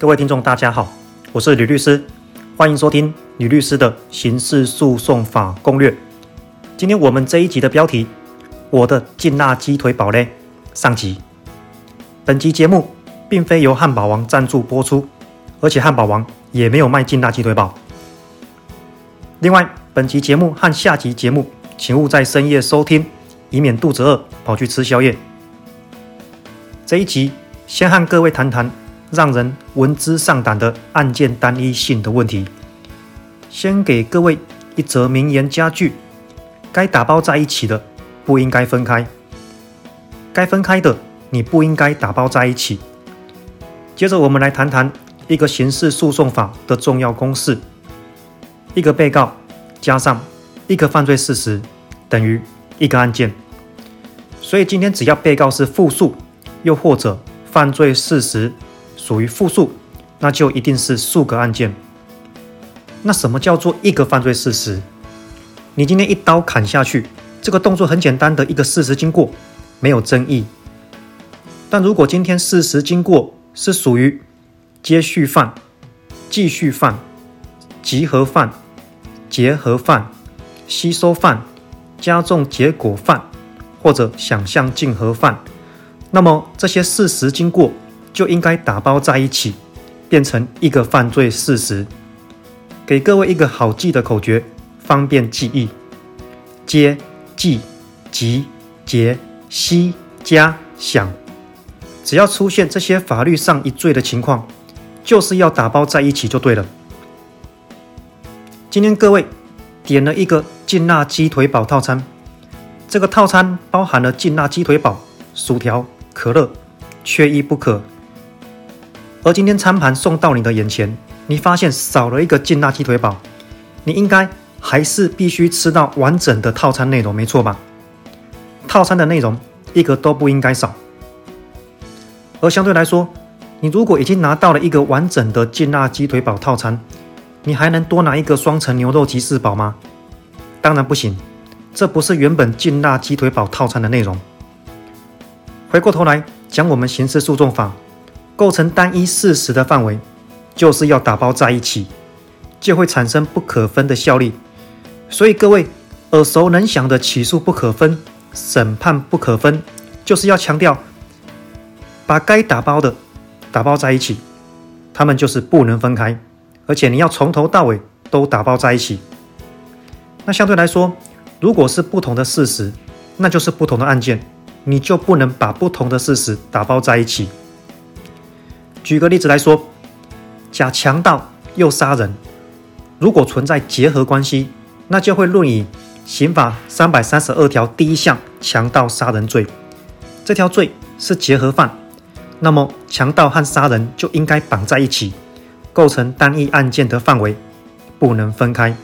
各位聽眾，大家好，我是呂律師，歡迎收聽呂律師的《刑事訴訟法攻略》。今天我們這一集的標題《我的勁辣雞腿堡》嘞，上集。本集節目並非由漢堡王贊助播出，而且漢堡王也沒有賣勁辣雞腿堡。另外，本集節目和下集節目，請勿在深夜收聽，以免肚子餓跑去吃宵夜。這一集先和各位談談。讓人聞之喪膽的案件單一性的問題。先給各位一則名言佳句：該打包在一起的不應該分開，該分開的你不應該打包在一起。接着我們來談談一個刑事訴訟法的重要公式：一個被告加上一個犯罪事實等於一個案件。所以今天只要被告是複數，又或者犯罪事實。屬於複數，那就一定是數個案件。那什麼叫做一個犯罪事實？你今天一刀砍下去，這個動作很簡單的一個事實經過，沒有爭議。但如果今天事實經過是屬於接續犯、繼續犯、集合犯、結合犯、吸收犯、加重結果犯或者想象競合犯，那麼這些事實經過。就應該打包在一起，變成一個犯罪事實。給各位一個好記的口訣，方便記憶：接、繼、集、結、吸、加、想。只要出現這些法律上一罪的情況，就是要打包在一起就對了。今天各位點了一個勁辣雞腿堡套餐，這個套餐包含了勁辣雞腿堡、薯條、可樂，缺一不可。而今天餐盤送到你的眼前，你發現少了一個勁辣雞腿堡，你應該還是必須吃到完整的套餐內容，沒錯吧？套餐的內容一個都不應該少。而相對來說，你如果已經拿到了一個完整的勁辣雞腿堡套餐，你還能多拿一個雙層牛肉吉事堡嗎？當然不行，這不是原本勁辣雞腿堡套餐的內容。回過頭來講，我們刑事訴訟法。構成單一事實的範圍，就是要打包在一起，就會產生不可分的效力。所以，各位耳熟能詳的起訴不可分、審判不可分，就是要強調把該打包的打包在一起，他們就是不能分開。而且你要從頭到尾都打包在一起。那相對來說，如果是不同的事實，那就是不同的案件，你就不能把不同的事實打包在一起。舉個例子來說，甲強盜又殺人，如果存在結合關係，那就會論以刑法三百三十二條第一項強盜殺人罪。這條罪是結合犯，那麼強盜和殺人就應該綁在一起，構成單一案件的範圍，不能分開。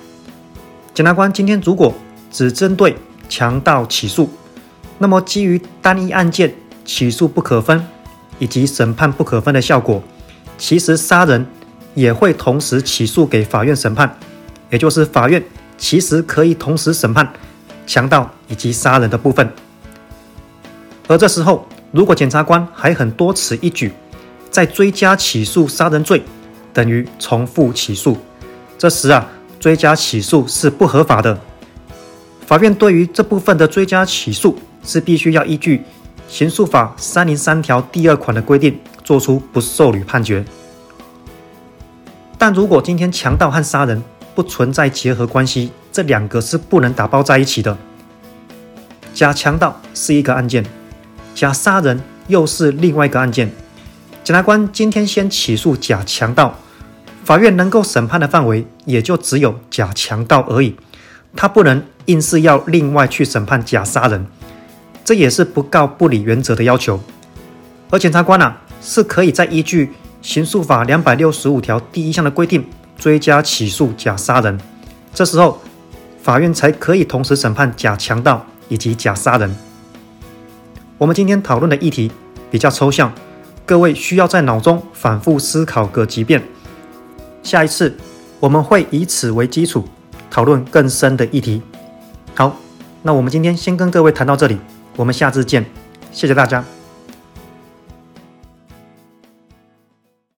檢察官今天如果只針對強盜起訴，那麼基於單一案件起訴不可分，以及審判不可分的效果，其實殺人也會同時起訴給法院審判，也就是法院其實可以同時審判強盜以及殺人的部分。而這時候，如果檢察官還很多此一舉，再追加起訴殺人罪，等於重複起訴。這時啊，追加起訴是不合法的。法院對於這部分的追加起訴，是必須要依據刑訴法三零三條第二款的規定，作出不受理判決。但如果今天強盜和殺人不存在結合關係，這兩個是不能打包在一起的。假強盜是一個案件，假殺人又是另外一個案件。檢察官今天先起訴假強盜，法院能夠審判的範圍也就只有假強盜而已，他不能硬是要另外去審判假殺人。這也是不告不理原則的要求，而檢察官呢、啊、是可以再依據刑訴法兩百六十五條第一項的規定追加起訴假殺人，這時候法院才可以同時審判假強盜以及假殺人。我們今天討論的議題比較抽象，各位需要在腦中反複思考個幾遍。下一次我們會以此為基礎討論更深的議題。好，那我們今天先跟各位談到這裡。我們下次見，謝謝大家。